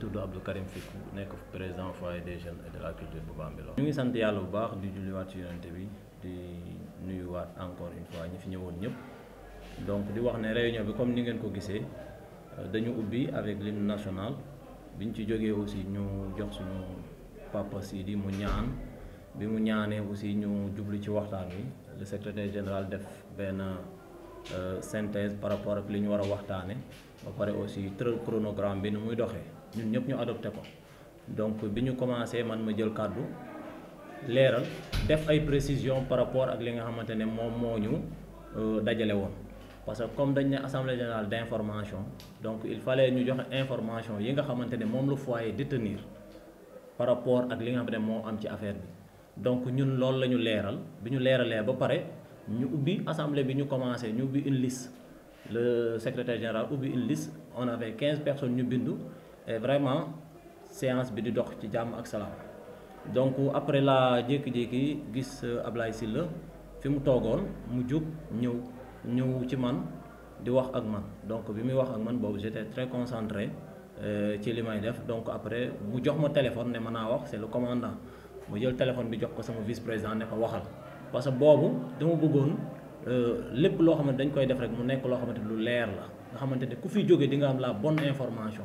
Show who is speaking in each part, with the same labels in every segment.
Speaker 1: tudd Abdou Karim Fickou nekk président foyer des jeunes et de la culture bu Bambilor ñu ngi sant yàlla bu baax di julliwaat ci yonante bi di nuyuwaat encore une fois ñi fi ñëwoon ñëpp donc di wax ne réunion bi comme ni ngeen ko gisee dañu ubbi avec l'hymne national bi ñu ci jógee aussi ñu jox suñu papa di mu ñaan bi mu ñaanee aussi ñu jublu ci waxtaan wi le secrétaire général def benn euh, synthèse par rapport ak li ñu war a waxtaane ba pare aussi tëral chronogramme bi nu muy doxee ñun ñëpp ñu adopté ko donc bi ñu commencé man ma jël kàddu leeral def ay précisions par rapport ak li nga xamante ne moom moo ñu euh, dajale woon parce que comme dañ ne assemblée générale d' information donc il fallait ñu joxe information yi nga xamante ne moom lu foyer détenir par rapport ak li nga xamante ne moo am ci affaire bi donc ñun loolu la ñu leeral bi ñu leeralee ba pare ñu ubbi assemblée bi ñu commencé ñu ubbi une liste le secrétaire général ubbi une liste on avait quinze personnes ñu bindu et vraiment séance bi di dox ci jàmm ak salaam donc après la jékki-jékki gis euh, Ablaye Sylla fi mu toogoon mu jub ñëw ñëw ci man di wax ak man donc bi muy wax ak man boobu j'étais très concentré euh, ci li may def donc après mu jox ma téléphone ne mën a wax c'est le commandant mu jël téléphone bi jox ko sama vice président ne ko waxal parce que boobu dama bëggoon euh, lépp loo xamante dañ koy def rek mu nekk loo xamante lu leer la nga xamante ne ku fi jóge di nga am la bonne information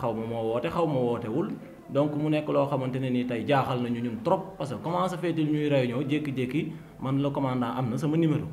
Speaker 1: xaw ma moo woote xaw ma wootewul donc mu nekk loo xamante ne nii tey jaaxal nañu ñun trop parce que comment ça fait-il ñuy réunion jékki-jékki man la commandant am na sama numéro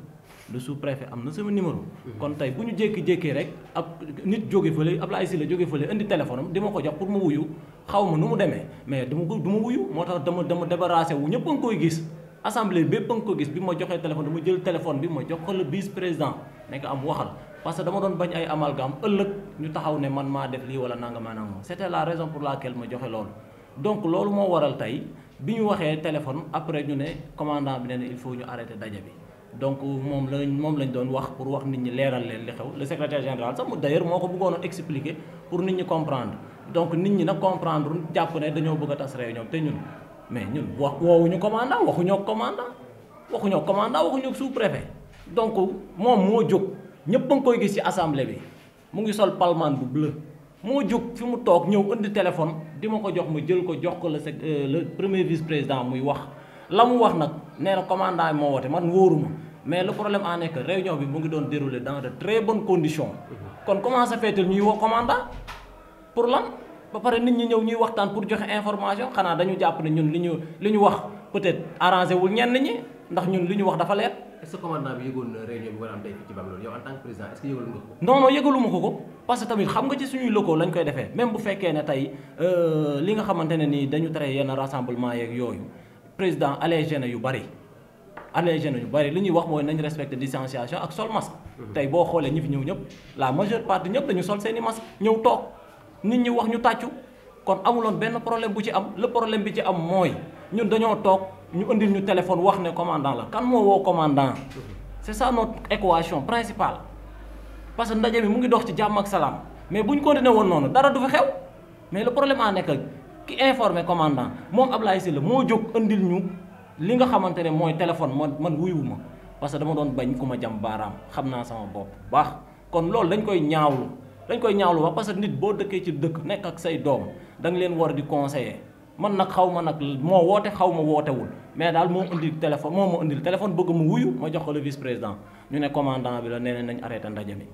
Speaker 1: lu sous-préfet am na sama numéro. Mm-hmm. kon tey bu ñu jékki-jékki rek ab nit jóge fële Ablaye Sylla jóge fële indi téléphone di ma ko jox pour ma wuyu xaw ma nu mu demee mais ma ko du ma wuyu moo tax dama dama débarrassé wu ñëpp a ngi koy gis. assemblée bépp a ko gis bi ma joxee téléphone dama jël téléphone bi ma jox ko le vice président nekk am waxal. parce que dama doon bañ ay amalgame ëllëg ñu taxaw ne man maa def lii wala nanga ma nanga ma c'était la raison pour laquelle ma joxe loolu donc loolu moo waral tey bi ñu waxee téléphone après ñu ne commandant bi ne ne il faut ñu arrêter daje bi donc moom lañ moom lañ doon wax pour wax nit ñi leeral leen li xew le secrétaire général sax mu moo ko bëggoon a expliquer pour nit ñi comprendre donc nit ñi nag comprendre jàpp ne dañoo bëgg a tas réunion te ñun mais ñun wax woowuñu commandant waxuñoo commandant waxuñoo commandant waxuñoo sous donc moom moo jóg ñepp a ngi koy gis ci assemblée bi mu ngi sol palman bu bleu mo juk fi mu tok ñew ënd téléphone di ma ko jox mu jël ko jox ko le euh, premier vice président muy wax lamu wax nak néna commandant mo woté man woruma mais le problème en est que réunion bi mu ngi don dérouler dans de très bonnes conditions kon comment ça fait ñuy wo commandant pour lan ba paré nit ñi ñew ñuy waxtaan pour joxe information xana dañu japp ne ñun liñu liñu wax peut-être arrangé wul ñen ñi ndax ñun liñu wax dafa lèr est-ce que commandant bi yëgoon na réunion bi war am tey ci bam Bambilor yow en tant que président est-ce que yëgalu nga non non yëgaluma ko ko parce que tamit xam nga ci suñuy locaux lañ koy défé même bu féké né tay euh li nga xamante ni dañu tré yenn rassemblement yeeg yooyu président allégé na yu bari. allégé na yu bari li ñuy wax moy nañu respecté distanciation ak sol masque. Mhm. tay bo xolé ñi fi ñëw ñep la majeure partie ñep dañu sol seeni masque ñëw tok nit ñi wax ñu tàccu kon amuloon benn problème bu ci am le problème bi ci am mooy ñun dañoo toog. ñu indil ñu téléphone wax ne commandant la kan moo woo commandant c'est ça notre équation principale parce que ndaje bi mu ngi dox ci jàmm ak salaam mais bu ñu continuer woon noonu dara du fi xew mais le problème a nekk ki commandant moom Ablaye Sylla moo jóg indil ñu li nga xamante ne mooy téléphone man man wuyuwuma parce que dama doon bañ ku ma jam baaraam xam naa sama bopp baax kon loolu dañ koy ñaawlu dañ koy ñaawlu wax parce que nit boo dëkkee ci dëkk nekk ak say doom danga leen war di conseiller man nag xaw ma nag moo woote xaw ma wootewul mais daal moo indi téléphone moom ma indil téléphone bëgg mu wuyu ma jox ko le vice président ñu ne commandant bi la nee nañ arrêté ndaje mi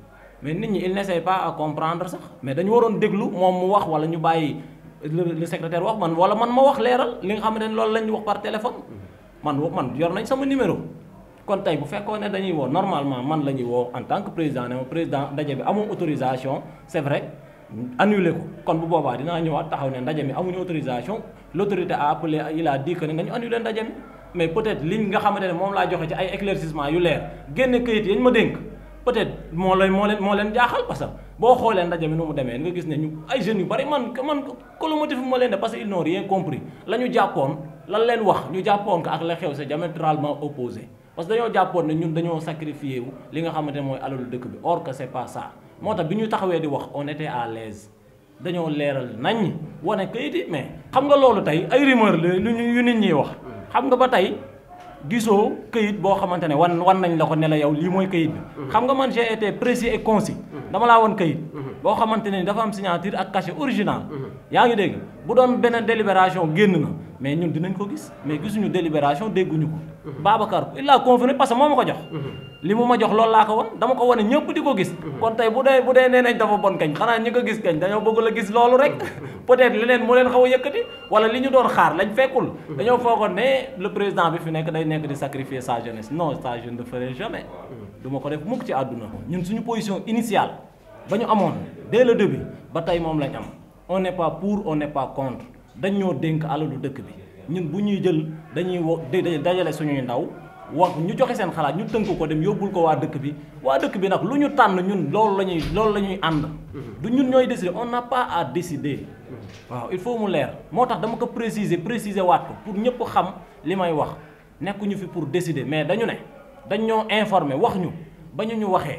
Speaker 1: mais nit ñi il n'essaie pas à comprendre sax mais dañu waroon déglu moom mu wax wala ñu bàyyi le secrétaire wax man wala man ma wax leeral li nga xam ne loolu lañ wax par téléphone man man yor nañ sama numéro kon tey bu fekkoon ne dañuy woo normalement man la ñuy woo en tant que président ne ma bi amoo autorisation c'est vrai annulé ko kon bu boba dina ñëwaat taxaw ne ndaje amuñu autorisation l'autorité a appelé il a dit que ne nañu annulé ndaje mais peut être liñ nga xamantene mom la joxé ci ay éclaircissement yu lèr genn keuyit yañ ma denk peut être mo lay mo leen moo leen jaaxal parce que bo xolé ndaje nu mu demee nga gis né ñu ay jeunes yu bari man man ko colomotif motif mo leen de parce que ils n'ont rien compris lañu ñu lan leen wax ñu jàppoon ko ak la xew c'est diamétralement opposé parce que dañu jàppoon né ñun dañu sacrifier wu li nga xamantene moy mooy alalu dëkk bi or que c'est pas ça moo tax bi ñu taxawee di wax on était à l'aise dañoo leeral nañ wane kayit yi mais xam nga loolu tey ay rumeur la lu ñu yu nit ñiy wax xam nga ba tey gisoo kayit boo xamante ne wan wan nañ la ko ne la yow lii mooy kayit bi mm-hmm. xam nga man j'ai été précis et concis mm-hmm. dama laa woon kayit mm-hmm. boo xamante ne dafa am signature ak cachet original yaa ngi dégg bu doon beneen délibération génn na mais ñun dinañ ko gis mais suñu délibération dégguñu ko. Mhm. Babacar il a confirmé parce que moo ma ko jox. Mhm. li mu ma jox lool laa ko won dama ko wane ñëpp di ko gis. Mhm. kon tey bu dee bu dee nee nañ dafa bon kañ xanaa ñi ko gis kañ dañoo bëgg a gis loolu rek. peut-être leneen moo leen xaw a yëkkati wala li ñu doon xaar lañ fekkul. dañoo foogoon ne le président bi fi nekk day nekk di sacrifier sa jeunesse non sa jeune d ferai jamais. du ma ko def mukk ci àdduna ñun suñu position initiale ba ñu amoon dès le ba tey moom lañ am. on n'est pas pour on n'est pas contre dañ ñoo dénk alalu dëkk bi ñun bu ñuy jël dañuy dajalé suñu ndaw wax ñu joxé seen xalaat ñu tënk ko dem yobul ko wa dëkk bi Wa dëkk bi nak luñu ñu ñun loolu lañuy ñuy loolu la ñuy du ñun ñoy décider on n'a pas à décider. waaw il faut mu leer Motax dama ko préciser préciser waat ko pour ñëpp xam limay wax. wax ñu fi pour décider mais dañu né dañ ñoo informer wax ñu ba ñu ñu waxee.